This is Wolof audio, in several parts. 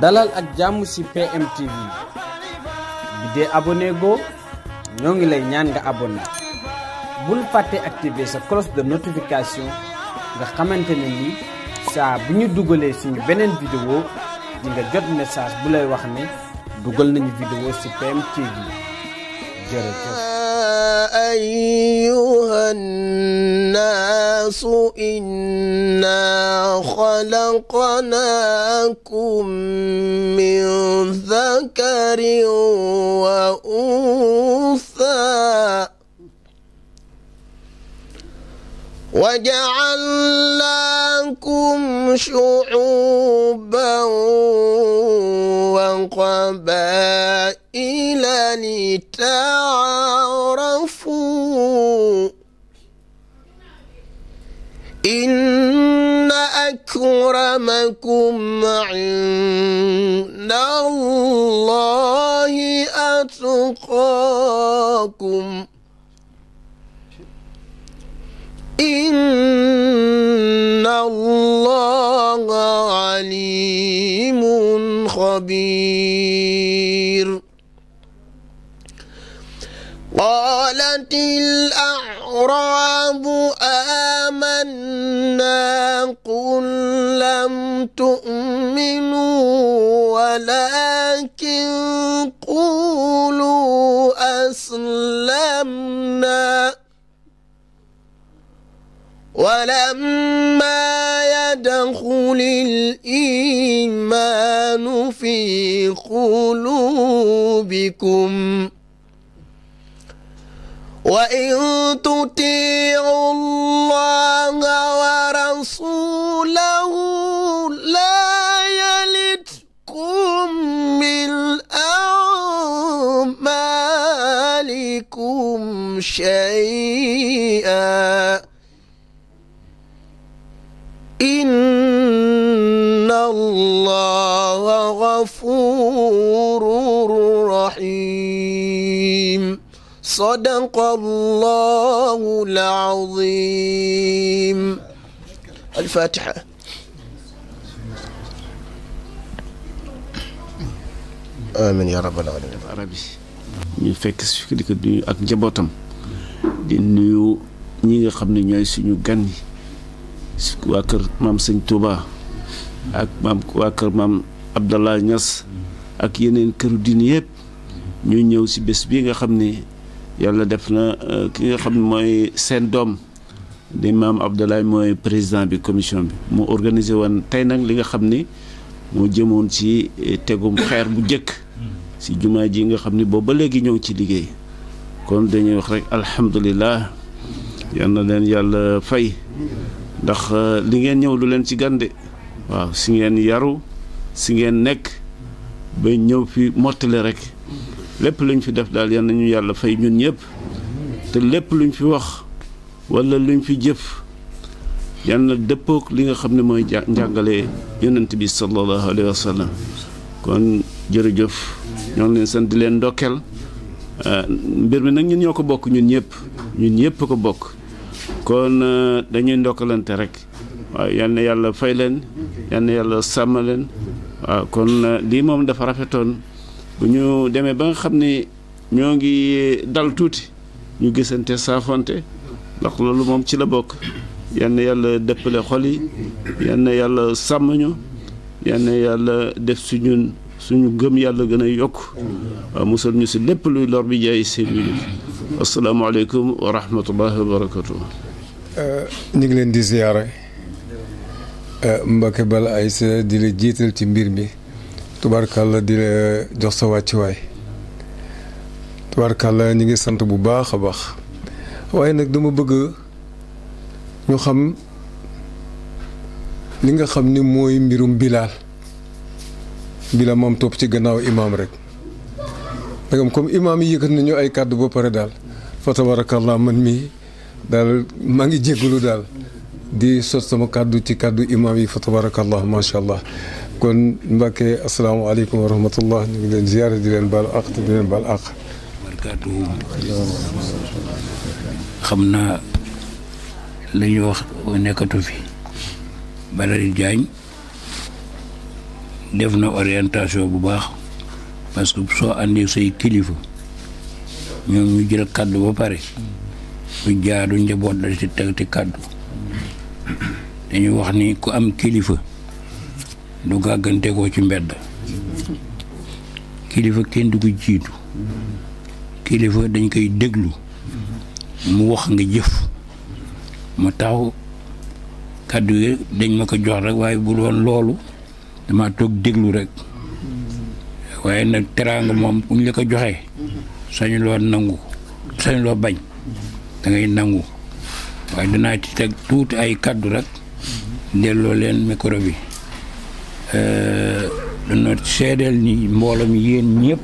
dalal ak jàmm ci PMTV bi dee abonné ñoo ngi lay ñaan nga abonné bul fàtte activer sa cloche de notification nga xamante ne ni saa bu ñu dugalee suñu beneen vidéo di nga jot message bu lay wax ne dugal nañu vidéo ci PMTV jërëjëf أيها الناس إنا خلقناكم من ذكر وأنثى وجعلناكم شعوبا وقبائل لتعارفوا إن أكرمكم عند الله أتقاكم إن الله عليم خبير قالت الأعراب أنا قل لم تؤمنوا ولكن قولوا أسلمنا ولما يدخل الإيمان في قلوبكم وإن تطيعوا الله ورسوله لا يلتكم من أعمالكم شيئا إن الله غفور رحيم صدق الله العظيم الفاتحة آمين يا رب العالمين arabi ñu fekk si di ko nuyu ak njabootam di nuyu ñi nga xam ne ñooy suñu gan yi waa kër maam sëñ Touba ak maam waa kër maam ak yeneen këru ñu ñëw si bés bi nga xam ni yàlla def na euh, ki nga xam ne mooy seen doom di maam Abdoulaye mooy président bi commission bi mu organisé woon tey nag li nga xam ni moo jëmoon ci euh, tegum xeer bu njëkk si jumaa ji nga xam ni boobu ba léegi ñëw ci liggéey kon dañuy wax rek alhamdulilah yal leen yàlla fay ndax euh, li ngeen ñëw lu leen ci gànde waaw si ngeen yaru si ngeen nekk ba ñëw fi mottale rek lépp luñ fi def daal yal nañu yàlla fay ñun ñëpp te lépp luñ fi wax wala luñ fi jëf yal na dëppook li nga xam ne mooy njàngale yonent bi sallallahu alayhi wa kon jërëjëf ñoo ngi leen sant di leen ndokkeel euh, mbir mi nag ñun ñoo ko bokk ñun ñëpp ñun ñëpp ko bokk kon euh, dañuy ndokkalante rek waaw yal na yàlla fay leen yal na yàlla sàmm leen waaw kon euh, lii moom dafa rafetoon. bu ñu demee ba nga xam ni ñoo ngi dal tuuti ñu gisante saafonte ndax loolu moom ci la bokk yan na yàlla dëppale xol yi yal na yàlla sàmm ñu yal na yàlla def suñu suñu gëm yàlla gën a yokk waaw musal ñu si lépp luy lor bi jaay seen wi asalaamaaleykum wa rahmatullahi wa barakatu euh, ñu ngi leen di ziyaare euh, Mbacké ay Aïssa di la jiital ci mbir mi tubaarkàlla di la jox sa wàccuwaay tubaarkàlla ñu ngi sant bu baax a baax waaye nag dama bëgg ñu xam li nga xam ni mooy mbirum bilaal bilaal moom topp ci gannaaw imaam rek dagam comme imaam yi yëkkat nañu ay kàddu ba pare daal fa tabarakallah man mi daal maa ngi jégalu daal di sot sama kàddu ci kàddu imaam yi fa tabarakallah macha allah كن مكي السلام عليكم ورحمة الله زيارة ديال بالأخ ديال بالأخ خمنا لن يوخ ونكتو في بلدي جاي دفنا أورينتاسيو بباخ باسكو بسو عندي سي كليفو ñoom ñu jël kaddu ba pare bu jaadu njaboot la ci teg ti kaddu dañu wax ni ku am kilifa du gàggante koo ci mbedd kilifa kenn du ko jiitu kilifa dañ koy déglu mu wax nga jëf mu taxaw kàddu yi dañ ma ko jox rek waaye bu doon loolu dama toog déglu rek waaye nag teraanga moom bu ñu la ko joxee sañu nangu sañu bañ dangay nangu waaye dinaa ci teg tuuti ay kàddu rek delloo leen micro bi Eh, dana seedeel ni mboolam yéen ñëpp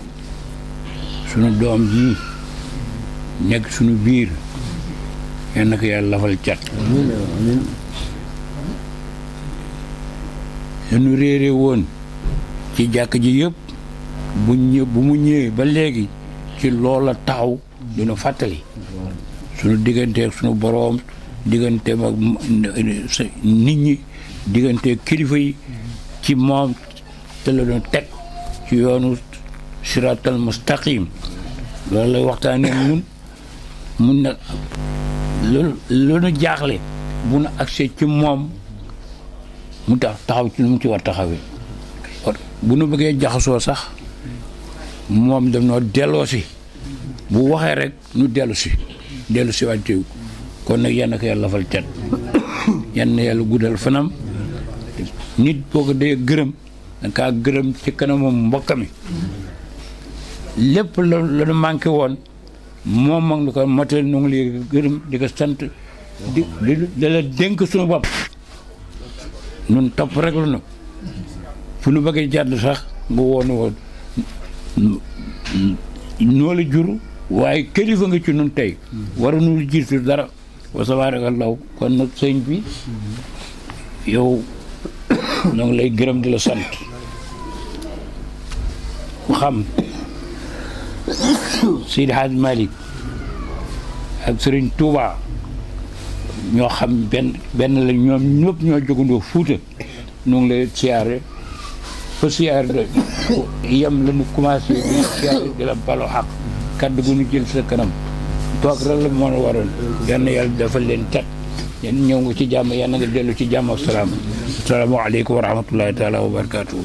sunu doom ji nekk sunu biir yal ko yàlla lafal cat dañu réere woon ci jàkk ji yëpp bu ñë bu mu ñëwee ba léegi ci loola taxaw dina fàttali sunu digganteeg sunu boroom digganteem ak nit ñi digganteeg kilifa yi ci moom te la doon teg ci yoonu siratal mustaqim loolu la waxtaanee ñun mun na loolu lu nu jaaxle bu nu agsee ci moom mu tax taxaw ci lu mu ci war taxawee bu nu bëggee jaxasoo sax moom daf noo delloo si bu waxee rek nu dellu si dellu si wàcceewu kon nag yenn ko yàlla fal cat yenn yàlla guddal fanam nit boo ko dee gërëm da gërëm ci kanamam mbokk mi lépp la nu manqué woon moom mag ni ko motel nu ngi lay gërëm di ko sant di di la dénk suñu bopp nun topp rek lu nu fu nu bëggee jàdd sax nga woonu woon noo la jur waaye kilifa nga ci nun tey waruñu jiitu dara wasawaare ko law kon nag sëñ bi yow ñoo lay gërëm di la sant ku xam Seydi Hadj ak Serigne Touba ñoo xam benn benn la ñoom ñëpp ñoo jógandoo Fuuta ñoo ngi lay siyaare fa siyaare da yem la ñu commencé di siyaare la balo ak kaddu gu nu jël sa kanam toog rek la moo waroon. yal na yàlla defal leen cat yéen ñëw nga ci jàmm yal na nga dellu ci jàmm ak salaamaaleykum wa rahmatullahi taala wa barakaatu.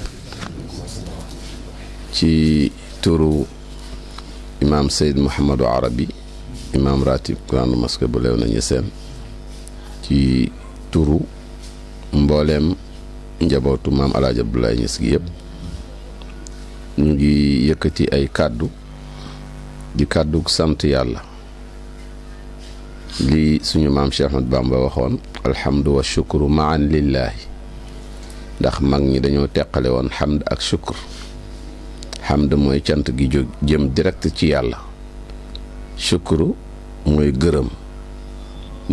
ci turu imaam Seyd Mouhamadou Arabi imaam ratib grande mosquée bu Léona Niassène ci turu mbooleem njabootu maam El Hadj Abdoulaye gi yëpp ñu ngi yëkkati ay kàddu di kàddu sant yàlla. lii suñu maam Cheikh Ahmad Bamba waxoon alhamdu wa shukru maan lillaahi ndax mag ñi dañoo teqale woon xamd ak sukkur xamd mooy cant gi jóg jëm direct ci yàlla sukkuru mooy gërëm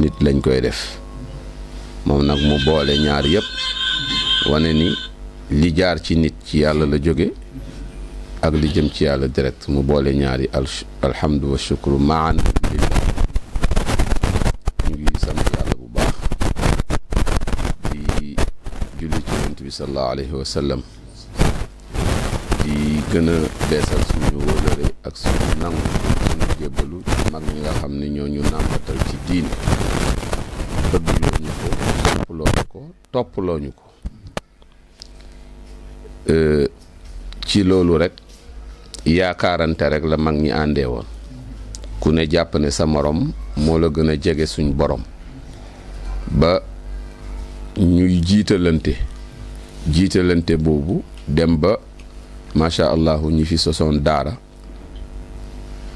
nit lañ koy def moom nag mu boole ñaar yépp wane ni li jaar ci nit ci yàlla la jóge ak li jëm ci yàlla direct mu boole ñaari alhamdu wa shukru maan sallallahu alayhi wa gën a beesal suñu ak suñu nangu suñu jébbalu mag ñi nga xam ne ñoo ñu nàmbatal ci diine bëggloo ñu ko soppaloo ñu ko toppaloo ñu ko euh, ci loolu rekk yaakaarante rek la mag ñi àndee woon ku ne jàpp ne sa moroom moo la gën a jege suñu boroom ba ñuy jiitalante jiitalante boobu dem ba macha allah ñi fi sosoon daara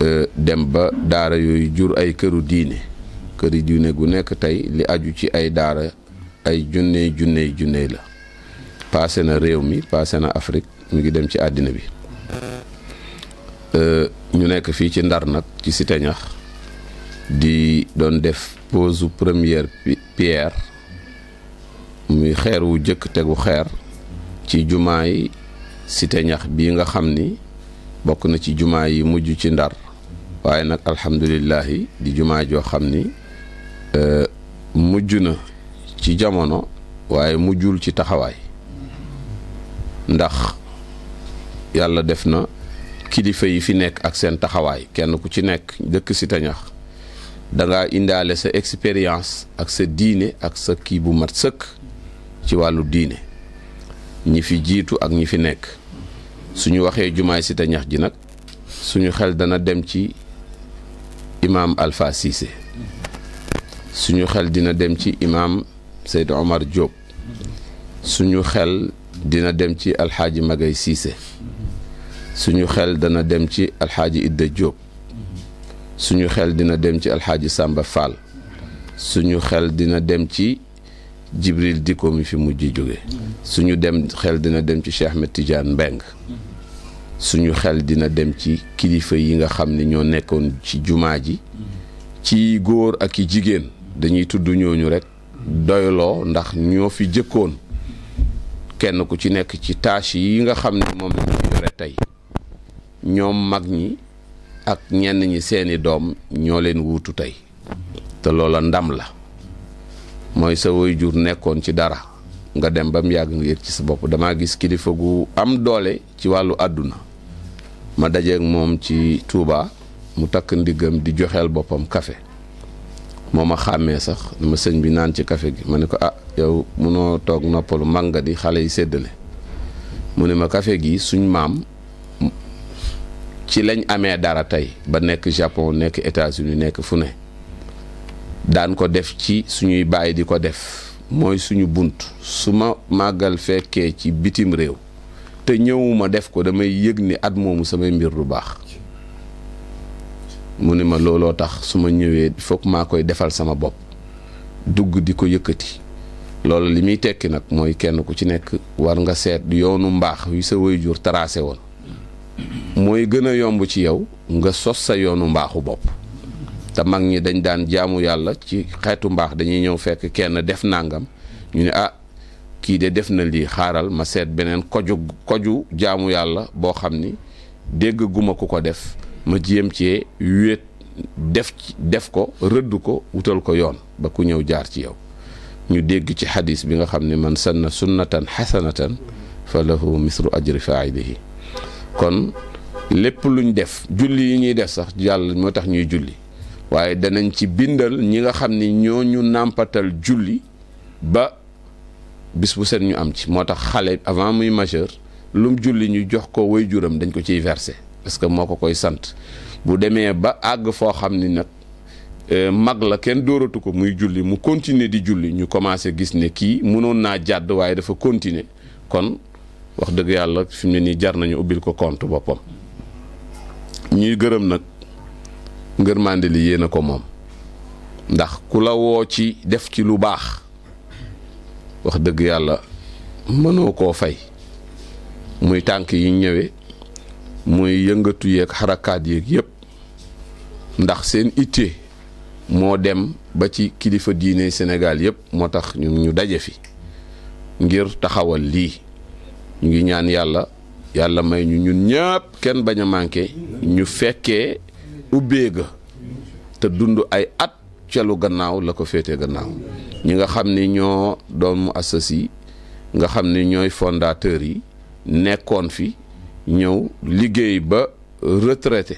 euh, dem ba daara yooyu jur ay këru diine këri diine gu nekk tey li aju ci ay daara ay junney junney junney la paase na réew mi paase na Afrique mu ngi dem ci àddina bi euh, ñu nekk fii ci Ndar nag ci Cité Ñax di doon def pose première pierre muy xeer wu jëkk tegu xeer ci jumaa yi cité ñax bii nga xam ni bokk na ci jumaa yi mujj ci ndar waaye nag alhamdulillahi di jumaa joo xam ni e, mujj na ci jamono waaye mujjul ci taxawaay ndax yàlla def na kilifa yi fi nekk ak seen taxawaay kenn ku ci nekk dëkk cité ñax da nga indaale sa expérience ak sa diine ak sa kii bu mat sëkk ci wàllu diine ñi fi jiitu ak ñi fi nekk suñu waxee jumaay Cité Ñax ji nag suñu xel dana dem ci imaam Alpha Cissé suñu xel dina dem ci imaam Seydou Omar Diop suñu xel dina dem ci alxaaji Magay Cissé suñu xel dana dem ci alxaaji Idda Diop suñu xel dina dem ci alxaaji Samba Fall suñu xel dina dem ci Jibril Dikko mi fi mujj jóge suñu dem xel dina dem ci Cheikh Ahmed Mbeng suñu xel dina dem ci kilifa yi nga xam ni ñoo nekkoon ci jumaa ji ci góor ak yi jigéen dañuy tudd ñooñu rekk doyloo ndax ñoo fi jëkkoon kenn ku ci nekk ci tâche yi nga xam ne moom la yore tey ñoom mag ñi ak ñenn ñi seeni doom ñoo leen wutu tey te loola ndam la moy sa way jur nekkon ci dara nga dem bam yag yàgg nga ci sa bop dama gis kilifa gu am doole ci walu aduna ma ak mom ci touba mu tak ndigam di joxel bopam café moma ma sax dama señ bi nan ci café gi maniko ah yow munoo tok noppalu manga di xale yi séddale mune ma café gi suñ mam ci lañ amé dara tay. ba nek japon nek états-unis nek fune daan ko def ci suñuy bàyyi di ko def mooy suñu bunt su ma màggal fekkee ci bitim réew te ñëwuma def ko damay yëg ni at moomu samay mbir du baax mu ni ma looloo tax su ma ñëwee foog maa koy defal sama bopp dugg di ko yëkkati loolu li muy tekki nag mooy kenn ku ci nekk war nga seet yoonu mbaax wi sa jur tracé woon mooy gën a yomb ci yow nga sos sa yoonu mbaaxu bopp te mag ñi dañ daan jaamu yàlla ci xeetu mbaax dañuy ñëw fekk kenn def nangam ñu ne ah kii de def na lii xaaral ma seet beneen koju koju jaamu yàlla boo xam ni dégg guma ku ko def ma jéem ci wéet def def ko rëdd ko wutal ko yoon ba ku ñëw jaar ci yow ñu dégg ci xadiis bi nga xam ne man sanna sunnatan xasanatan fa lahu misru ajri failihi kon lépp luñ def julli yi ñuy def sax yàlla moo tax ñuy julli waaye danañ ci bindal ñi nga xam ni ñoo ñu nàmpatal julli ba bis bu set ñu am ci moo tax xale avant muy majeur lum julli ñu jox ko woy waajuram dañ ko ciy verser parce que moo ko koy sant bu demee ba àgg foo xam ni nag euh, mag la kenn dóoratu ko muy julli mu continuer di julli ñu commencé gis ne kii mënoon naa jàdd waaye dafa continuer kon wax dëgg yàlla fi ne nii jar nañu ubbil ko compte boppam ñuy gërëm nag. mandi li yéen a ko moom ndax ku ci def ci lu baax wax dëgg yàlla mënoo koo fay muy tànk yi ñëwee muy yëngatu yeeg xarakaat yeeg yep ndax seen ittee moo dem ba ci kilifa diine Sénégal yépp moo tax ñun ñu daje fi ngir taxawal lii ñu ñaan yàlla yàlla may ñu ñun ñëpp kenn bañ ñu ubbee ga te dund ay at celu gannaaw la ko féete gannaaw ñi nga xam ni ñoo doomu assasi nga xam ni ñooy fondateurs yi nekkoon fi ñëw liggéey ba retraité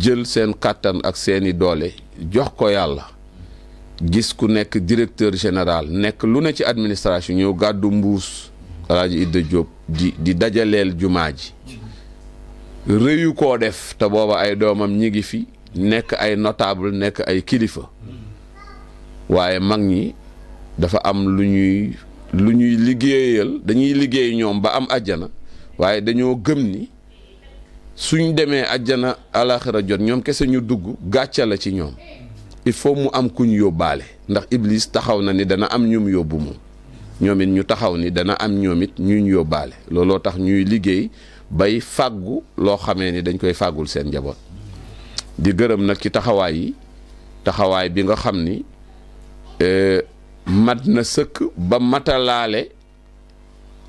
jël seen kàttan ak seeni doole jox ko yàlla gis ku nekk directeur général nekk lu ne ci administration ñëw gàddu mbuus Alaaji Idda Diop di di dajaleel jumaa ji rëyu koo def te booba ay doomam ñi ngi fi nekk ay notable nekk ay kilifa waaye mag ñi dafa am lu ñuy lu ñuy liggéeyal dañuy liggéey ñoom ba am àjjana waaye dañoo gëm ni suñ demee àjjana alaxira jot ñoom kese ñu dugg gàcce la ci ñoom il faut mu am kuñ yóbbaale ndax Iblis taxaw na ni dana am ñum yóbbu moom ñoom it ñu taxaw ni dana am ñoomit ñuñ yóbbaale looloo tax ñuy liggéey bay fàggu loo xamee ni dañ koy fàggul seen njaboot di gërëm nag ci taxawaay yi taxawaay bi nga xam ni euh, mat na sëkk ba matalaale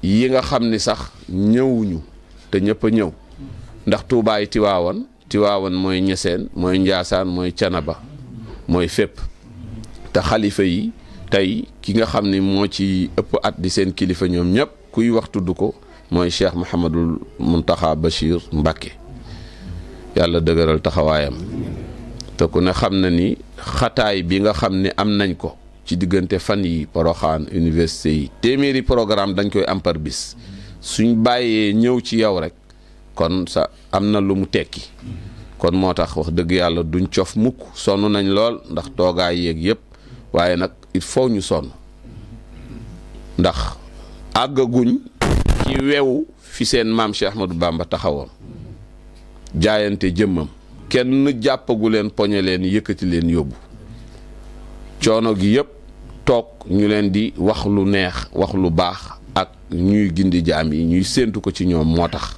yi nga xam ni sax ñëwuñu te ñëpp a ñëw ndax tuubaay tiwaawan tiwaawan mooy ñeseen mooy njaasaan mooy canaba mooy fépp te xalifa yi tey ki nga xam ni moo ci ëpp at di seen kilifa ñoom ñëpp kuy wax tudd ko mooy cheikh Mouhamadul Muntaxa Bachir Mbacke yàlla dëgëral taxawaayam te ku ne xam na ni xataay bi nga xam ne am nañ ko ci diggante fan yi poroxaan université yi téeméeri programme dañ koy am parbis suñ bàyyee ñëw ci yow rek kon sa am na lu mu tekki kon moo tax wax dëgg yàlla duñ cof mukk sonn nañ lool ndax toogaay yeeg yépp waaye nag il faut ñu sonn ndax àggaguñ dañuy wewu fi seen maam Cheikh Ahmadou Bamba taxawoon jaayante jëmmam kenn jàppagu leen poñe leen yëkkati leen yóbbu coono gi yépp toog ñu leen di wax lu neex wax lu baax ak ñuy gindi jaam yi ñuy séentu ko ci ñoom moo tax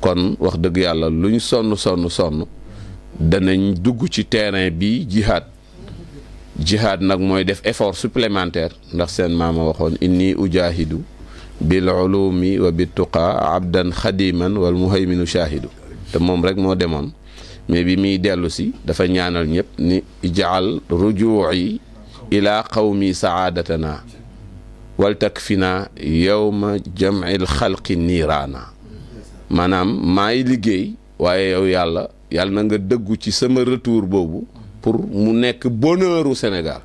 kon wax dëgg yàlla luñ sonn sonn sonn danañ dugg ci terrain bi jihaad jihaad nag mooy def effort supplémentaire ndax seen maama waxoon inni ujaahidu بالعلوم وبالتقى عبدا خديما والمهيمن شاهد تمام رك مو ديمون مي بي مي ديلوسي دا فا نيانال نييب ني اجعل رجوعي الى قومي سعادتنا والتكفنا يوم جمع الخلق نيرانا مانام ماي ليغي واي يو يالا يالنا nga deggu ci sama retour bobu pour mu nek bonheuru senegal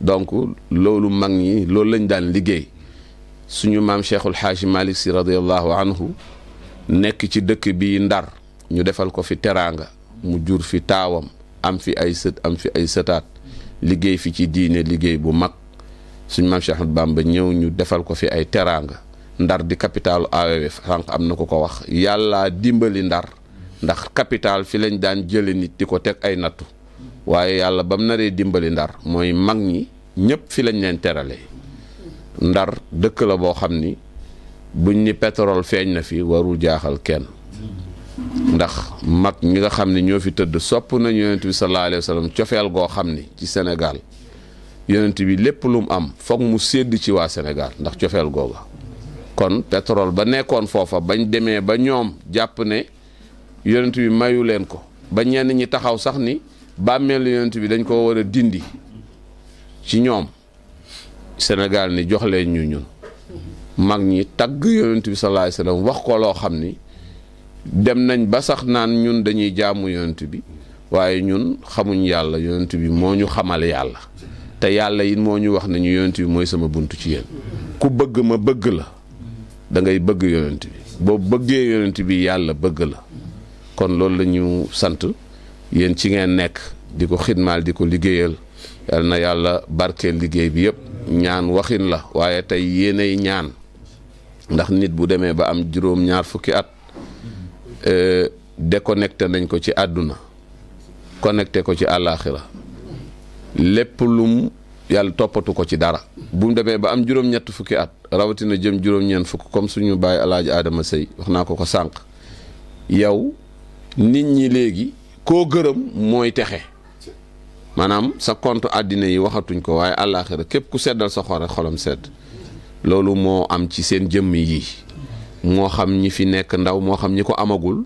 donc lolu magni lolu lañ dan ligey suñu maam cheikhul xaaji malik si radiallahu anhu nekk ci dëkk bi ndar ñu defal ko fi teraanga mu jur fi taawam am fi ay sët am fi ay sëtaat liggéey fi ci diine liggéey bu mag suñu maam Cheikh Ahmad Bamba ñëw ñu defal ko fi ay teraanga ndar di capitalu AOF sànq am na ko ko wax yàlla dimbali ndar ndax capital fi lañ daan jële nit di ko teg ay nattu waaye yàlla ba mu naree dimbali ndar mooy mag ñi ñëpp fi lañ leen terale ndar dëkk la boo xam ni buñ ni pétrole feeñ na fi warul jaaxal kenn ndax mag ñi nga xam ni ñoo fi tëdd sopp nañu yonent bi sallallahu alayhi cofeel goo xam ni ci Sénégal yonent bi lépp lu am foog mu sédd ci waa Sénégal ndax cofeel googa kon pétrole ba nekkoon foofa bañ demee ba ñoom jàpp ne yonent bi mayu leen ko ba ñenn ñi taxaw sax ni bàmmeelu yonent bi dañ koo war a dindi ci ñoom Sénégal ni jox leen ñu ñun mag ñi tagg yonent bi sallallahu wax ko loo xam ni dem nañ ba sax naan ñun dañuy jaamu yonent bi waaye ñun xamuñ yàlla yonent bi moo ñu yàlla te yàlla it moo wax nañu yonent bi mooy sama bunt ci yéen ku bëgg ma bëgg la dangay bëgg yonent bi boo bëggee yonent bi yàlla bëgg la kon loolu lañu sant yéen ci ngeen nekk di ko xidmaal di ko liggéeyal yal na yàlla barkeel liggéey bi yépp ñaan waxin la waaye tey yéenay ñaan ndax nit bu demee ba am juróom-ñaar fukki at mm-hmm. euh, déconnecté nañ ko ci àdduna connecté ko ci àllaaxira lépp lum yàlla toppatu ko ci dara bu mu demee ba am juróom-ñett fukki at rawatina jëm juróom-ñeent fukk comme suñu bàyyi alaaji aadama sëy wax naa ko ko sànq yow nit ñi léegi koo gërëm mooy texe maanaam sa compte àddina yi waxatuñ ko waaye àllaaxira képp ku seddal sa xore xolam sedd loolu moo am ci seen jëmm yi moo xam ñi fi nekk ndaw moo xam ñi ko amagul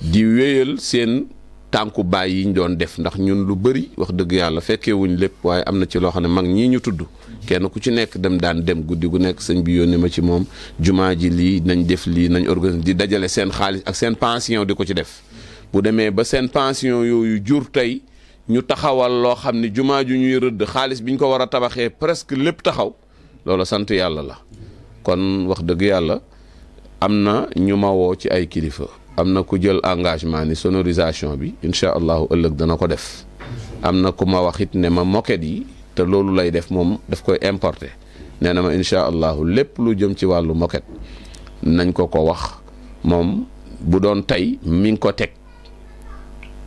di wéyal seen tànku baay yi ñu doon def ndax ñun lu bëri wax dëgg yàlla fekkewuñ lépp waaye am na ci loo xam ne mag ñii ñu tudd kenn ku ci nekk dem daan dem guddi gu nekk sëñ bi yónni ma ci moom jumaa ji lii nañ def lii nañ organise di dajale seen xaalis ak seen pension di ko ci def bu demee ba seen pension yooyu jur tey ñu taxawal lo xamni ne ju ñuy rëdd xaalis biñ ko wara tabaxé presque lépp taxaw loola sant yàlla la kon wax deug yàlla amna ñuma wo ci ay kilifa amna ku jël engagement ni sonorisation bi insha allah ëllëg dana ko def amna na ku ma waxit ne ma moquette yi te loolu lay def mom daf koy importer nee ma insha allah lépp lu jëm ci walu moquette nañ ko ko wax mom bu doon tay mi ngi ko tek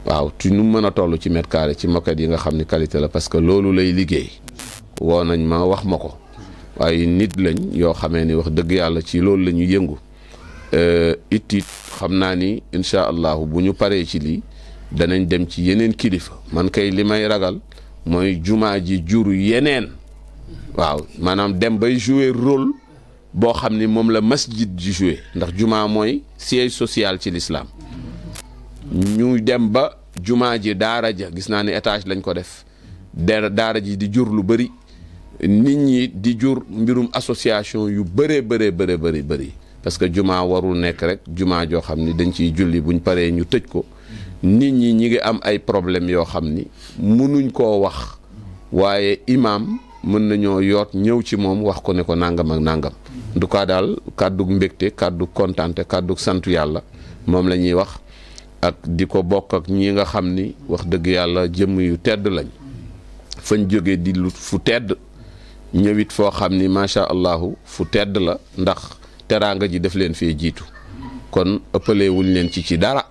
waaw ci nu mën a toll ci mètre carré ci moquette yi nga xam ni qualité la parce que loolu lay liggéey woo nañ ma wax ma ko waaye nit lañ yoo xamee ni wax dëgg yàlla ci loolu la ñu yëngu euh, it it xam naa ni incha allahu bu ñu paree ci lii danañ dem ci yeneen kilifa man kay li may ragal mooy jumaa ji jur yeneen waaw maanaam dem bay jouer rôle boo xam ni moom la masjid ji jouer ndax jumaa mooy siège social ci lislaam ñu dem ba jumaa ji daara ja gis naa ni étage lañ ko def daara ji di jur lu bëri nit ñi di jur mbirum association yu bëree bëree bëree bëri bëri parce que jumaa warul nekk rek jumaa joo xam ni dañ ciy julli buñ paree ñu tëj ko nit ñi ñi ngi am ay problèmes yoo xam ni mënuñ koo wax waaye imaam mën nañoo yoot ñëw ci moom wax ko ne ko nangam ak nangam. du tout daal kàddug mbégte kàddug kontaante kàddug santu yàlla moom la ñuy wax. ak di ko bokk ak ñi nga xam ni wax dëgg yàlla jëmm yu tedd lañ fañ jóge di lu fu tedd ñëwit foo xam ni macha allahu fu tedd la ndax teraanga ji def leen fee jiitu kon ëppalee leen ci ci dara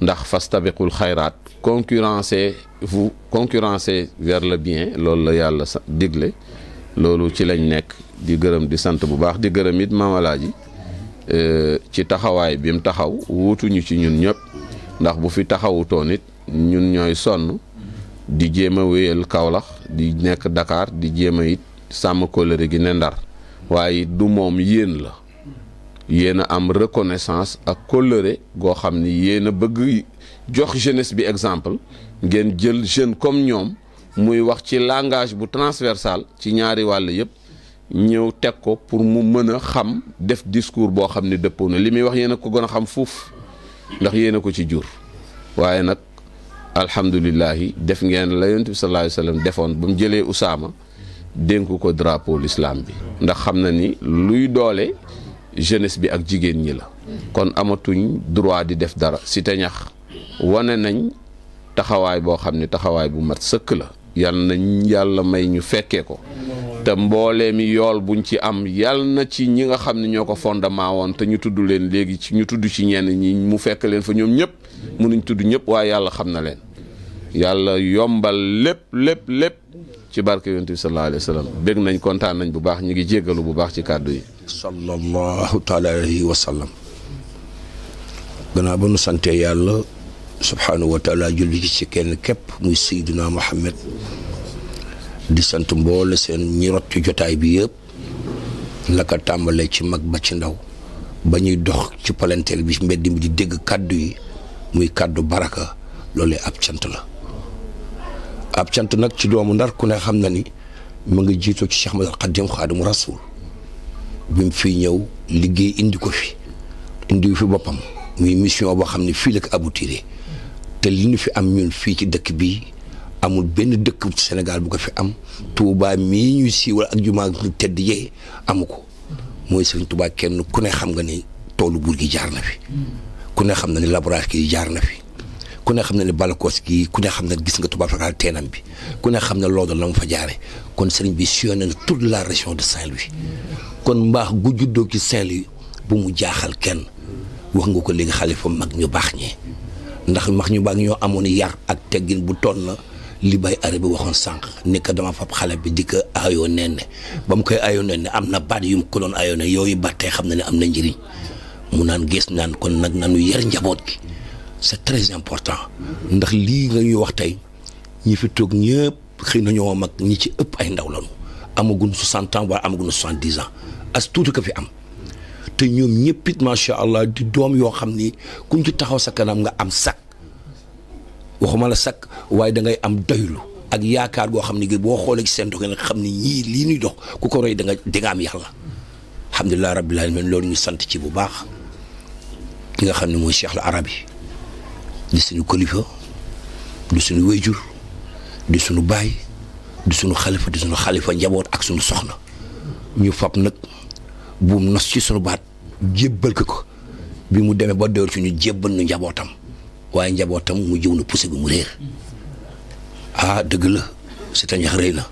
ndax fastabiqul xayraat concurrencez vous concurrencez vers le bien loolu la yàlla sa digle loolu ci lañ nekk di gërëm di sant bu baax di gërëm it maam Euh, ci taxawaay bi taxaw wuutuñu ci ñun ñëpp ndax bu fi taxawutoon it ñun ñooy sonn di jéem a wéyal Kaolack di nekk dakaar di jéem a it sàmm kóllëre gi ne Ndar waaye du moom yéen la yéen a am reconnaissance ak kóllëre goo xam ni yéen a bëgg jox jeunesse bi exemple ngeen jël jeune comme ñoom muy wax ci langage bu transversal ci ñaari wàll yëpp ñëw teg ko pour mu mën a xam def discours boo xam ne dëppoo na li muy wax yéen ko gën a xam fuuf ndax yéen ko ci jur waaye nag alhamdulilahi def ngeen la yonent bi sallallahu alayhi defoon ba mu jëlee Usaama dénku ko drapo lislaam bi ndax xam na ni luy doole jeunesse bi ak jigéen ñi la kon amatuñ droit di def dara si te wane nañ taxawaay boo xam ne taxawaay bu mat sëkk la yal nañ yàlla may ñu fekkee ko te mboolee mi yool buñ ci am yal na ci ñi nga xam ne ñoo ko fondement woon te ñu tudd leen léegi ci ñu tudd ci ñenn ñi mu fekk leen fa ñoom ñëpp mënuñ tudd ñëpp waaye yàlla xam na leen yàlla yombal lépp lépp lépp ci barke yonent bi sallallahu alayhi wa nañ kontaan nañ bu baax ñu ngi jéggalu bu baax ci kàddu yi sallallahu taala alayhi wa sallam ba nu sante yàlla subhaanahu wa taala julli ci kenn képp muy Seydina Muhammad di sant mboole seen ñi rot ci jotaay bi yëpp la tàmbalee ci mag ba ci ndaw ba ñuy dox ci palanteel bi mbedd mi di dégg kàddu yi muy kàddu baraka loolu ab cant la ab cant nag ci doomu ndar ku ne xam na ni mu ngi jiitoo ci Cheikh Ahmadul Xadim Xaadimu Rasuul bi mu fi ñëw liggéey indi ko fi indi fi boppam muy mission boo xam ne fii la ko aboutiré te li ñu fi am ñun fii ci dëkk bi amul benn dëkk Sénégal bu ko fi am Touba mii ñuy siiwal ak jumaa ñu tedd yee amu ko mooy Sëriñ Touba kenn ku ne xam nga ni toolu buur gi jaar na fi ku ne xam na ni labourage gi jaar na fi ku ne xam na ne balakoos gi ku ne xam na gis nga tubaab fakal teenam bi ku ne xam na loolu la mu fa kon sëriñ bi si sillonné na toute la région de saint kon mbaax gu juddoo ci saint bu mu jaaxal kenn wax nga ko léegi xalifa mag ñu baax ndax max ñu baag ñoo amoon yar ak teggin bu toon na li bay arab bi waxoon sànq ni ko dama fab xale bi di ko ayoo nen ne ba mu koy ayoo nen ne am na baat yu mu ko doon ayoo ne yooyu battee xam na ne am na njëriñ mu naan gis naan kon nag nanu yar njaboot gi c'est très important ndax lii nga ñuy wax tey ñi fi toog ñëpp xëy na mag ñi ci ëpp ay ndaw lañu amaguñ soixante ans wala amaguñ soixante-dix ans as tuuti ko fi am te ñoom ñëpp it macha allah di doom yoo xam ni kuñ ci taxaw sa kanam nga am sakk waxuma la sakk waaye da ngay am doylu ak yaakaar goo xam ne gi boo xoolee ci seen dox nga xam ni ñii lii ñuy dox ku ko roy da nga di nga am yàlla alhamdulilah rabbil alamin loolu ñu sant ci bu baax ki nga xam ne mooy Cheikh al Arabi di suñu këlifa di suñu wéyjur di suñu baay di suñu xalifa di suñu xalifa njaboot ak suñu soxna ñu fab nag buum nos ci sunu baat jébbal ko ko bi mu demee ba door ci ñu jébbal nu njabootam waaye njabootam mu jëw na poussé bi mu réer ah dëgg la si ta ñax rëy na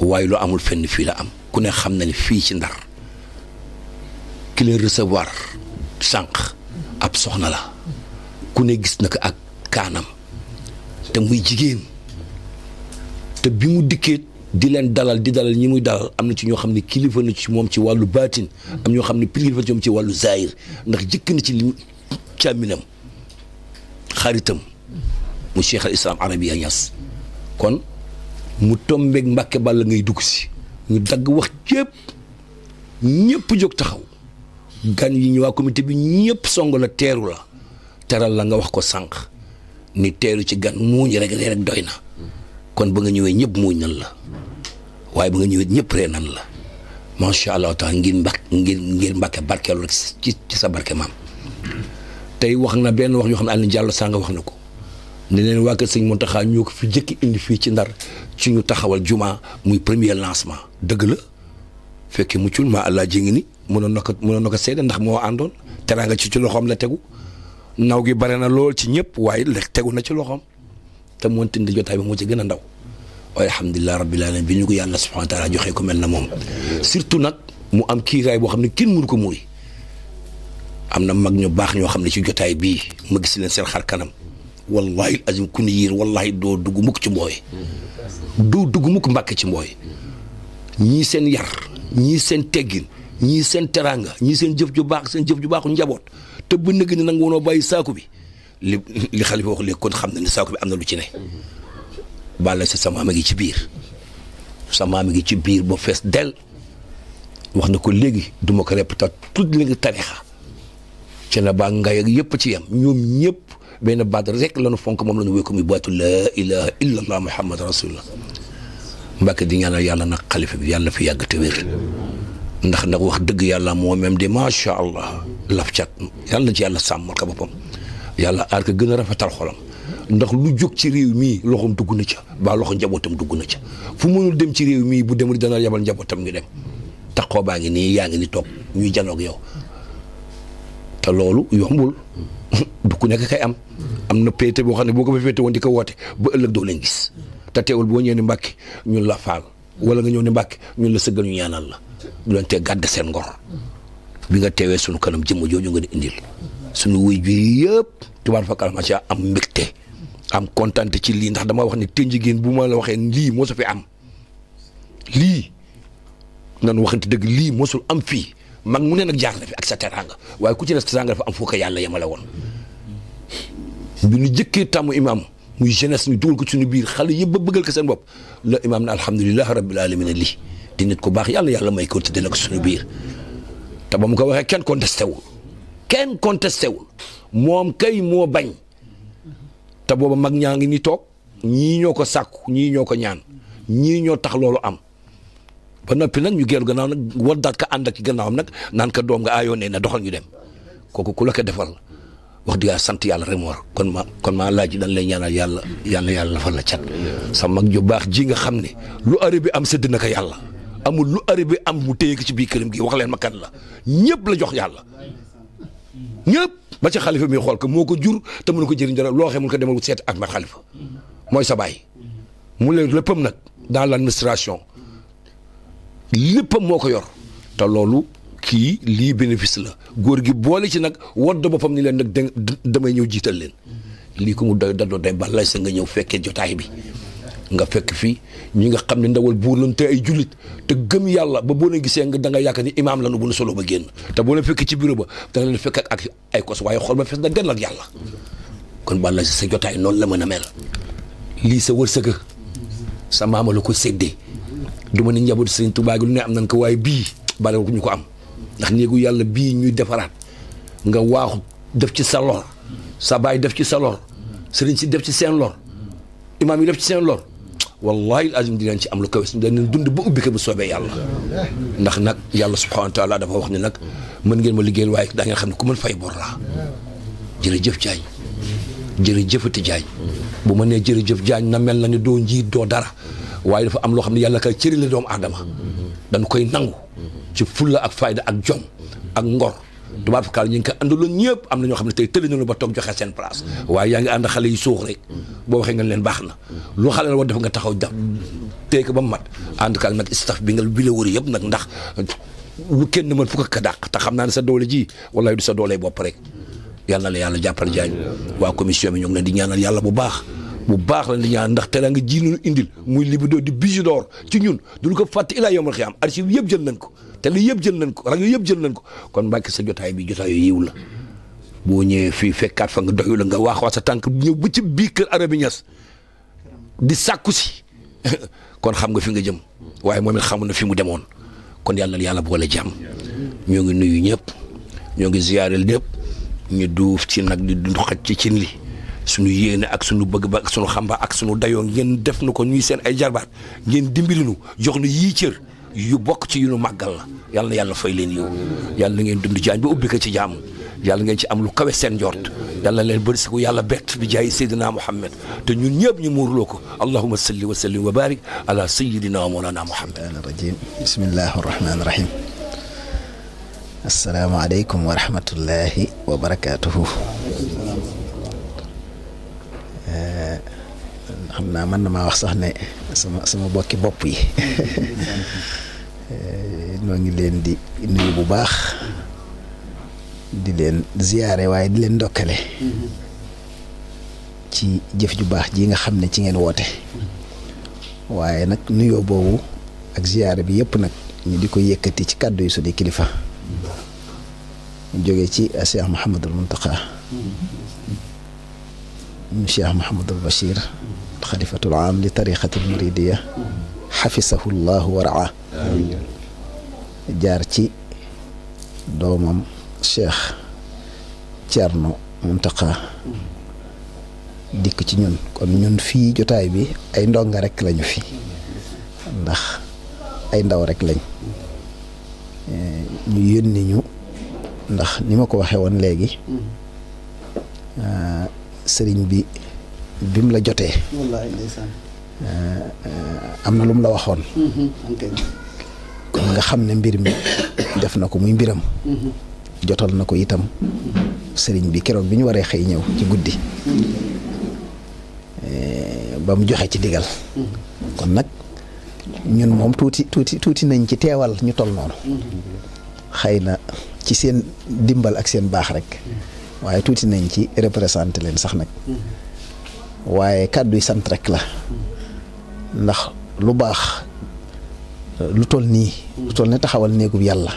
waaye lu amul fenn fii la am ku ne xam na ni fii ci ndar ki leen sànq ab soxna la ku ne gis na ko ak kaanam te muy jigéen te bi mu dikkee di leen dalal di dalal ñi muy dalal am na ci ñoo xam ne kilifa na ci moom ci wàllu baatin am ñoo xam ne kilifa na ci moom ci wàllu zaahir ndax jëkk na ci li càmminam xaritam mu cheikh al islam arabiya Niass kon mu tombeeg Mbàkke Bàlla ngay dugg si ñu dagg wax jépp ñëpp jóg taxaw gan yi ñu waa comité bi ñëpp song la teeru la teral la nga wax ko sànq ni teeru ci gan muuñ rek rek doy na kon ba nga ñëwee ñëpp muuñ nan la waaye ba nga ñëwee ñëpp ree nan la macha allah tax ngir mbak ngir ngir mbàkke barkeelu rek ci ci sa barke maam tey wax na benn wax yoo xam ne Alioune Diallo wax na ko ne leen waa kër sëñ Mountakha ko fi jëkki indi fii ci ndar ci ñu taxawal juma muy premier lancement dëgg la fekkee muccul maa allah ji ngi ni mënoon na ko mënoon na ko ndax moo àndoon teraanga ci ci loxoom la tegu naw gi bare na lool ci ñëpp waaye la tegu na ci loxoom te moonte ndi jotaay bi moo ci gën a ndaw waaye alhamdulilah rabbil alamin bi ñu ko yàlla subhanahu wa taala joxee ko mel na moom surtout nag mu am kiiraay boo xam ne kenn mënu ko muuri am na mag ñu baax ñoo xam ne ci jotaay bii ma gis leen seen xar kanam wallahi azim ku ni yéen wallahi doo dugg mukk ci mbooy doo dugg mukk mbàkke ci mbooy ñii seen yar ñii seen teggin ñii seen teraanga ñii seen jëf ju baax seen jëf ju baaxu njaboot te ba nëgg ne nag wonoo bàyyi saaku bi li li xale bi wax léegi kon xam na ne saaku bi am na lu ci ne Balla si sa maam a ngi ci biir sa maam ngi ci biir ba fees del wax na ko léegi duma ma ko répéter tudd léegi tarixa ci na baa ngay ak yëpp ci yam ñoom ñëpp benn baat rek lanu fonk moom la ñu wéy ko muy baatu laa ilaha illa allah muhammad rasulullah mbàkke di ñaanal yàlla nag xalifa bi yàlla fi yàgg te wér ndax nag wax dëgg yàlla moo même di macha allah laf cat yàlla ci yàlla sàmmal ko boppam yàlla aar ko gën a rafetal ndax lu jóg ci réew mii loxoom dugg na ca baa loxo njabootam dugg na ca fu mënul dem ci réew mii bu demul dana yabal njabootam ngi dem taxaw baa ngi nii yaa ngi ni toog ñuy janoog yow te loolu yombul du ku nekk kay am am na péete boo xam ne boo ko fa féete woon di ko woote ba ëllëg doo leen gis te teewul boo ñëwee ni mbàkki ñun la faal wala nga ñëw ni mbàkki ñun la sëggal ñu ñaanal la du leen te gàdd seen ngor bi nga teewee sunu kanam jëmm jooju nga di indil sunu wuy ji yëpp tubaab fa kanam am am kontante ci lii ndax dama wax ne Tënj Geen bu ma la waxee lii mosu fi am lii nan waxante dëgg lii mosul am fii mag mu ne nag jaar na fi ak sa teraanga waaye ku ci ne sa teraanga dafa am foo ko yàlla yemale woon bi ñu jëkkee tàmm imaam muy jeunesse ñu dugal ko suñu biir xale yëpp ba bëggal ko seen bopp la imaam na alhamdulilah rabbil alamin lii di nit baax yàlla yàlla may ko te dina ko suñu biir te ba mu ko waxee kenn contesté wul kenn contesté wul moom kay moo bañ. ta boba mag ñaa ni tok ñi ñoo ko sàkku ñii ñoo ko ñaan ñi ñoo tax lolu am ba nopi nak ñu geelu gannaaw nak war daat ka and ak gannaawam nak naan ka doom nga ayone na doxal ñu dem koku ku la ka defal wax ya sant yalla rek mo kon ma kon ma laaj dañ lay ñaanal yalla yalla yalla fa la cat sa mag ju bax ji nga xamne lu ari bi am sedd na ko amul lu ari bi am mu teyek ci bi kërëm gi wax leen ma kan la ñepp la jox yalla ñepp ba ci xalifa mi xool ko moo ko jur te mënu ko jëriñ dara loo xamul ko demal wut seet ak ma xalifa mooy sa baay mu leen léppam nag dans l' administration léppam moo ko yor te loolu kii lii bénéfice la góor gi boole ci nag wodd boppam ni leen nag damay ñëw jiital leen lii ko mu doy dadoo day balay sa nga ñëw fekkee jotaay bi nga fekk fii ñu nga xam ne ndawal buur lañ te ay jullit te gëm yàlla ba boo ne gisee nga da nga yaakaar ni imaam lañu bu nu solo ba génn te boo leen fekk ci bureau ba da nga leen fekk ak ay kos waaye xol ba fees na gën ak yàlla kon balla sa jotaay noonu la mën a mel lii sa wërsëg sa maama ko séddee du ma ne njabootu sëriñ Tuubaa lu ne am nañ ko waaye bii bala ñu ko am ndax néegu yàlla bii ñuy defaraat nga waaxu def ci sa lor sa baay def ci sa lor sëriñ si def ci seen lor imaam yi def ci seen wallahi azim dinañ ci am lu kawe suñu danañ dund ba ubbi ko bu soobee yàlla ndax nag yàlla subhanahu wa taala dafa wax ne nag mën ngeen ma liggéeyal waaye daa ngeen xam ne ku mën fay bor laa jërëjëf jaay jërëjëfati jaay bu ma nee jërëjëf jaañ na mel na ne doo njiit doo dara waaye dafa am loo xam ne yàlla kay cëri la doomu aadama dañ koy nangu ci fulla ak fayda ak jom ak ngor tubaab fakal ñu ngi ko àndaloon ñëpp am na ñoo xam ne tey tëli nañu ba toog joxe seen place waaye yaa ngi ànd xale yi suux rek boo waxee nga leen baax na lu xale la war def nga taxaw jàpp ba mu mat ànd kaal nag staff bi nga bi la yëpp nag ndax lu kenn mën fu ko ka dàq te xam naa ne sa doole ji wallaay du sa doole bopp rek yàlla na la yàlla jàppal jaañ waa commission bi ñoom ngi di ñaanal yàlla bu baax bu baax la di ñaan ndax te la nga ji ñu indil muy libido di bijou d'or ci ñun du duñu ko fàtte ilaa yowmal xiyaam archive yëpp jël nañ ko télé yëpp jël nañ ko rajo yëpp jël nañ ko kon Mbàkke sa jotaay bi jotaayu yiw la boo ñëwee fii fekkaat fa nga doyu la nga waaxoo sa tànk ñëw ba ci biir kër Arabi Ñas di sàkku si kon xam nga fi nga jëm waaye moom it xamu na fi mu demoon kon yàlla na yàlla boole jàmm ñoo ngi nuyu ñëpp ñoo ngi ziyaareel ñëpp ñu duuf ci nag di dund xaj ci cin li suñu yéene ak suñu bëgg ba ak suñu xamba ak suñu dayoo ngeen def nu ko ñuy seen ay jarbaat ngeen dimbilinu jox nu yii cër yu bokk ci yu nu màggal la yàlla na yàlla fay leen yow yàlla na ngeen dund jaañ ba ubbi ko ci jaamu yàlla ngeen ci am lu kawe seen njort yàlla leen bëri si ko yàlla bett bi jaay Seydina Muhammad te ñu ñëpp ñu muurloo ko allahuma salli wa sallim wa barik ala sayidina wa mawlana Muhammad rajim bismillahi rahmani wa rahmatullahi wa barakaatuhu eh, naa mën na wax sax ne sama sama bokki bop eh, yi noo ngi len di nuyu bu baax di len ziaré way di len ndokkale ci jëf ju baax ji nga xamné ci ngeen woté waaye nak nuyo bobu ak ziaré bi yépp nak ñu di yëkëti ci kàddu yu sudi kilifa jóge ci Cheikh al Muntaqa Cheikh xalifatul am li tariqatil muridiya xafisahu llahu waraa jaar ci doomam cheikh Thierno Mountakha dikk ci ñun kon ñun fii jotaay bi ay ndonga rekk lañu fi ndax ay ndaw rekk lañ ñu yónni ñu ndax ni ma ko waxee woon léegi mm. sëriñ bi bi mu la jotee. wallaahi ndeysaan. Euh, euh, am na lu mu la waxoon. Mm-hmm, kon nga xam ne mbir mi def na ko muy mbiram. Mm-hmm. jotal na ko itam. sëriñ bi keroog bi ñu waree xëy ñëw ci guddi. Mm-hmm. Euh, ba mu joxe ci digal. kon nag ñun moom tuuti tuuti tuuti nañ ci teewal ñu tol noonu. xëy na ci seen dimbal ak seen baax rek. waaye tuuti nañ ci représenté leen sax nag. waaye kàdduy yi sant rek la ndax lu baax lu tol nii lu toll ne taxawal néegub yàlla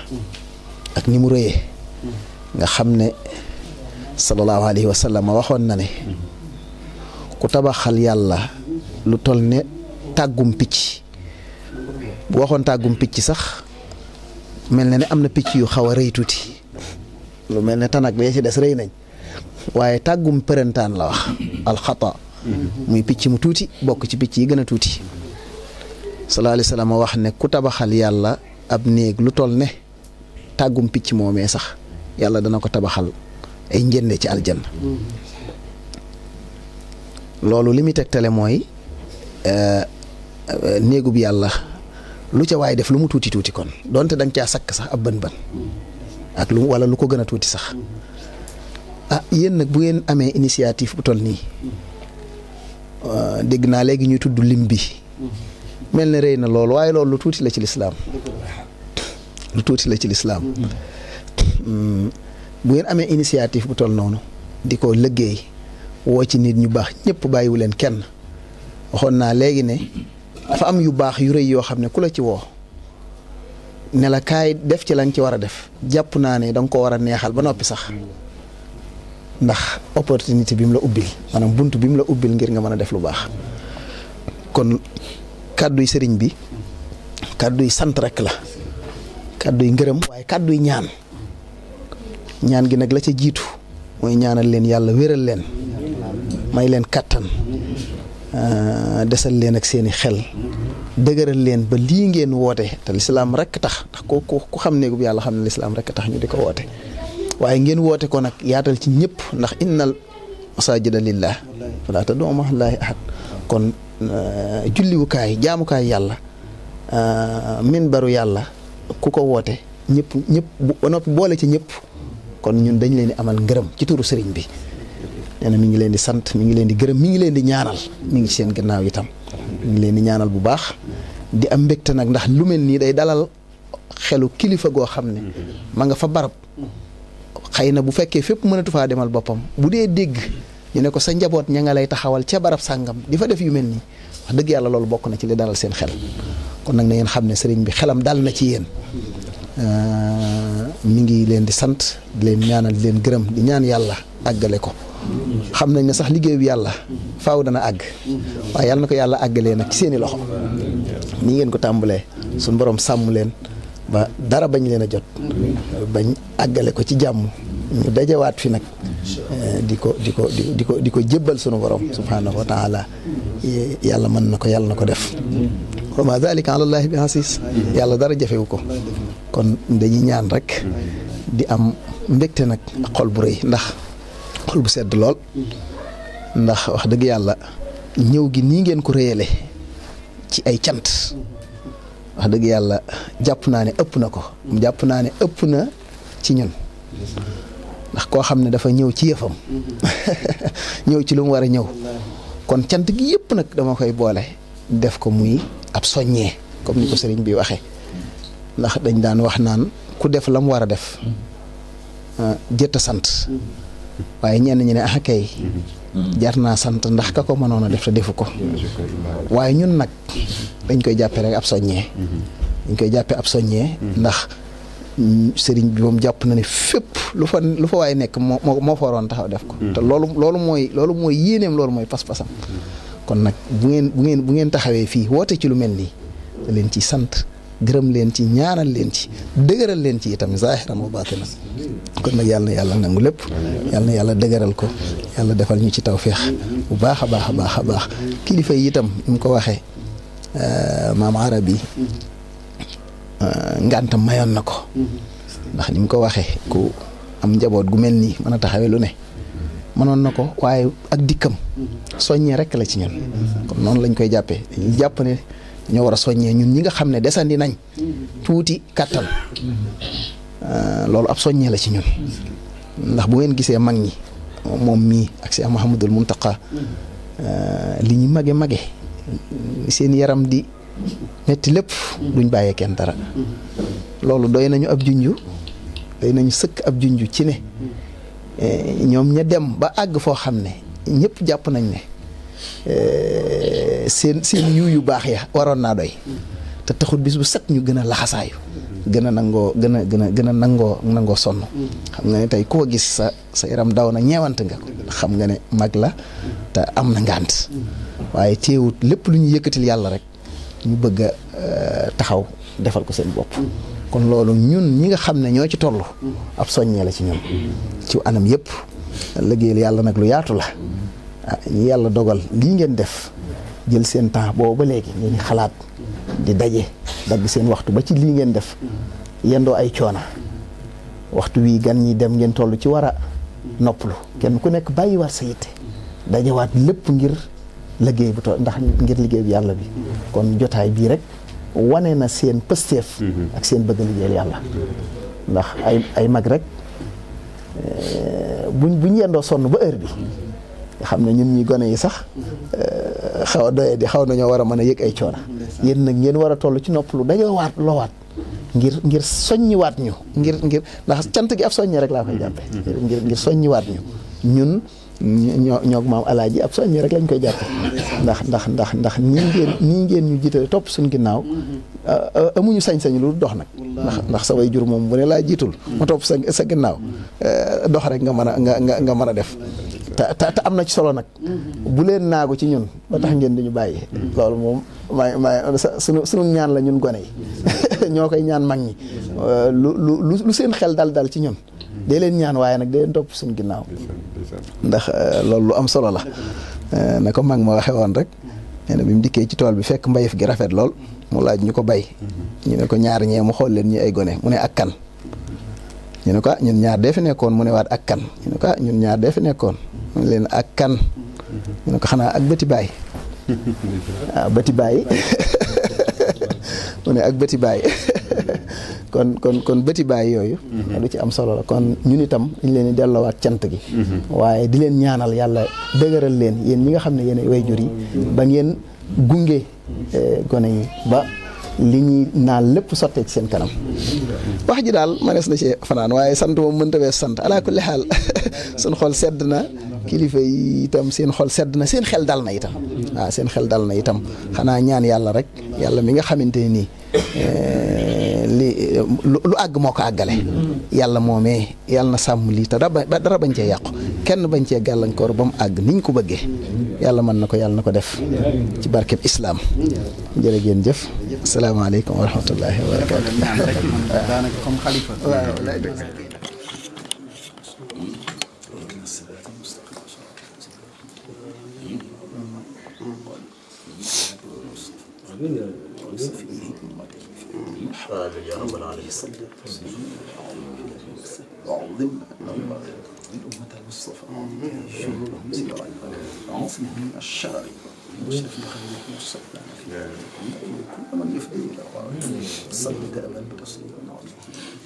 ak ni mu rëyee nga xam ne sallallahu alayhi wa sallam waxoon na ne ku tabaxal yàlla lu toll ne tàggum picc bu waxoon tàggum picc sax mel na ne am na picc yu xaw a rëy tuuti lu mel ne tanak bee si des rëy nañ waaye tàggum përantaan la wax alxata muy picc mu tuuti bokk ci picc yi gën a tuuti. sallallahu alayhi wa sallam wax ne ku tabaxal yàlla ab néeg lu toll ne tàggum picc moomee sax yàlla dana ko tabaxal ay njënde ci aljanna. loolu li muy tegtale mooy euh, euh, néegub yàlla lu ca waaye def lu mu tuuti tuuti kon donte da nga caa sakk sax ab bën-bën ak lu walla lu ko gën a tuuti sax ah yéen nag bu ngeen amee initiative bu toll nii. Euh, dégg naa léegi ñuy tudd lim bi mel na rëy na lool waaye loolu lu tuuti la ci lislaam tuuti la ci lislaam hmm. bu ngeen amee initiative bu toll noonu di ko liggéey woo ci nit ñu baax ñépp bàyyiwu leen kenn waxoon naa léegi ne dafa am yu baax yu rëy yoo xam ne ku la ci woo ne la def ci lañ ci war a def jàpp naa ne danga ko war a neexal ba noppi sax ndax opportunité bi mu la ubbil manam ubil, bi mu la ubbil ngir nga mëna def lu baax kon kaddu sëriñ bi kàdduy sant rek la kàdduy ngërëm waaye kàdduy ñaan ñaan gi nak la ci jitu moy ñaanal leen yalla wéral leen may leen euh dessal leen ak seeni xel dëgëral leen ba li ngeen wote te l'islam rek tax ko ko xamne gu yalla xamne l'islam rek tax ñu diko wote waaye ngeen woote ko nag yaatal ci ñëpp ndax innal masaajida lillah falaa tad'uu ma'a llaahi ahad kon euh, julliwukaay jaamukaay yàlla euh, min baru yàlla ku ko woote ñëpp ñëpp ba noppi boole ci ñëpp kon ñun dañ leen di amal ngërëm ci turu sëriñ bi nee mu ngi leen di sant mu ngi leen di gërëm mi ngi leen di ñaanal mu ngi seen gannaaw itam mi ngi leen di ñaanal bu baax di am mbégte nag ndax lu mel nii day dalal xelu kilifa goo xam ne ma nga fa barab xëy bu fekke fépp mënatu faa demal dig, budé dégg ñu ne ko sa njabot ña nga lay taxawal ci barap sangam difa def yu melni wax dëgg yalla loolu bokku na ci li dalal sen xel kon nak na ngeen sëriñ bi xelam dal na ci euh mi ngi leen di sante di leen ñaanal di leen gërëm di ñaan yalla aggalé ko xamnañ nañ ne sax liggéeyu yalla faaw dana ag wa yalla na yalla aggalé nak ci seeni loxo ni ngeen ko tambulé sun borom sàmm leen ba dara bañ leen a jot bañ àggale ko ci jàmm ñu dajewaat fi nag eh, di ko di ko di ko di ko jébbal sunu borom subhaanahu wa taala yàlla mën na ko yàlla na ko def wa ma dalika ala llahi bi asis yàlla dara jafewu ko kon dañuy ñaan rek di am mbégte nag xol bu rëy ndax xol bu sedd lool ndax wax dëgg yàlla ñëw gi nii ngeen ko réyale ci ay cant wax dëgg yàlla jàpp naa ne ëpp na ko jàpp naa ne ëpp na ci ñun ndax koo xam ne dafa ñëw ci yëfam ñëw ci lu mu war a ñëw kon cant gi yëpp nag dama koy boole def ko muy ab soññee comme ni ko sëriñ bi waxee ndax dañ daan wax naan ku def la mu war a def ah, jëtt sant waaye ñeen ñi ne ah jar naa sant ndax ka ko mënoon a def te defu ko waaye ñun nag dañ koy jàppee rek ab soññee dañ koy jàppee ab soññee ndax sëriñ bi moom jàpp na ne fépp lu fa lu fa waaye nekk moo moo fa waroon taxaw def ko te loolu loolu mooy loolu mooy yéeneem loolu mooy pas-pasam kon nag bu ngeen bu ngeen bu ngeen taxawee fii woote ci lu mel nii da leen ciy sant gërëm leen ci ñaanal leen ci dëgëral leen ci itam zaahiran wa baatinan kon nag yàlla na yàlla nangu lépp yàlla na yàlla dëgëral ko yàlla defal ñu ci tawféex bu baax a baax a baax a baax kilifa yi itam ñu ko waxee euh, maam arab yi euh, ngantam mayoon na ko ndax ni mu ko waxee ku am njaboot gu mel nii mën a taxawee lu ne mënoon na ko waaye ak dikkam soññee rek la ci ñun kon noonu lañ koy jàppee dañuy jàpp ne ñoo wara soñé ñun ñi nga xamné ne desandi nañ katam euh loolu ab soñé la ci ñun ndax bu ngeen gisé mag ñi mom mi ak si muntaka euh li ñi mage mage seen yaram di metti lepp duñ bayé kenn dara loolu doy nañu ab junju day nañu sëkk ab junju ci né euh, ñom ña dem ba ag fo xamné ñepp japp nañ né Eh, seen seen yiw yu baax ya waroon naa doy te taxul bis bu set ñu gën a laxasaayu gën a nangoo gën a gën a gën a nangoo nangoo sonn xam nga ne tey koo gis sa sa yaram daw na ñeewant nga xam nga ne mag la te am na ngànt waaye teewut lépp lu ñu yëkkatil yàlla rek ñu bëgg a eh, taxaw defal ko seen bopp kon loolu ñun ñi nga xam ne ñoo ci toll ab soññee la ci ñun ci anam yëpp liggéeyal yàlla nag lu yaatu la Ah, yàlla dogal lii ngeen def jël seen temps booba ba léegi ngeen xalaat di daje dagg seen waxtu ba ci lii ngeen def yendoo ay coona waxtu wii gan ñi dem ngeen toll ci war a noppalu kenn ku nekk bàyyiwaat sa yitte dajawaat lépp ngir liggéey bu toll ndax ngir liggéey bu yàlla bi kon jotaay bii rek wane na seen pësteef ak seen bëgg liggéey yàlla ndax ay ay mag rekk eh, buñ buñ yendoo sonn ba heure bi nga xam ne ñun ñi gone yi sax euh, xaw a doye di xaw nañoo war a mën a yëg ay coono yéen nag ngeen war a toll ci nopp lu dajoo waat loowaat ngir ngir soññiwaat ñu ngir ngir ndax cant gi ab soññi rek laa koy mm-hmm. jàppe mm-hmm. ngir ngir soññiwaat ñu ñun ñoo ñoog maam alaaji ab soññi rek lañ koy jàppe ndax ndax ndax ndax nii ngeen nii ngeen ñu jiitale topp suñ ginnaaw mm-hmm. amuñu sañ-sañ lu dox nag ndax ndax sa way jur moom bu ne laa jiitul ma topp sa sa ginnaaw eh, dox rek nga mën a nga nga mën a def te am na ci solo nag. bu leen naagu ci ñun. ba tax ngeen di ñu bàyyi. loolu moom may may sunu sunu ñaan la ñun gone yi ñoo koy ñaan mag ñi. Euh, lu lu lu seen xel dal dal ci ñun. dee leen ñaan waaye nag dee leen topp ginnaaw. ndax euh, loolu lu am solo la. Euh, na ko mag ma waxe rek. nee na bi mu dikkee ci tool bi fekk mbayif gi rafet lool. mu laaj ñu ko bay. ñu ne ko ñaar ñee mu xool leen ñi ay gone mu ne ak kan. ñu ne ko ah, ñun ñaar dee fi nekkoon mu ne waat ak kan ñu ne ah, ñun ñaar dee fi nekkoon. mu leen ak kan mu ne xanaa ak bëti baay waaw ah, bëti baay mu ne ak bëti baay kon kon kon bëti baay yooyu lu ci am solo la kon ñun itam dañ leen di delloowaat cant gi waaye di leen ñaanal yàlla dëgëral leen yéen ñi nga xam ne yéen ay yi ba ngeen gunge eh, gone yi ba li ñuy naan lépp sottee ci seen kanam wax ji daal manees na ci fanaan waaye sant moom mënta wees sant alaa xaal sun xol sedd na kilifa yi itam seen xol sedd na seen xel dal na itam waaw seen xel dal na itam xanaa ñaan yàlla rek yàlla mi nga xamante nii eh, li lu àgg moo ko àggale mm-hmm. yàlla moomee yàlla na sàmm lii te dara bañ cee yàqu kenn bañ cee gàllankoor ba mu àgg niñ ko bëggee yàlla mën na ko yàlla na ko def ci barkeb islaam jërë ngeen jëf asalaamaaleykum wa rahmatullahi wa حاضر يا رب العالمين وعظمنا الأمة المصطفى شرورهم سبعين عاصمهم الشارع وشرفنا خليك مصطفى كل من يفدي إلى صلي دائما بتصلي عظيم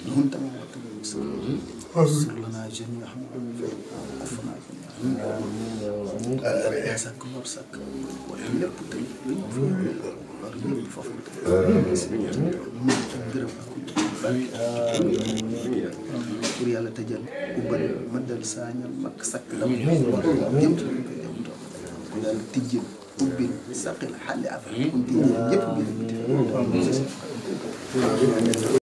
لهم تمام وتمام اغفر لنا جميعا وعفنا جميعا وعفنا جميعا وعفنا جميعا وعفنا جميعا pour yàlla tëjal ku bëri ma dal saañal mag sakk dam ku yàlla tijjil ubbil saqil xale affaire ñëpp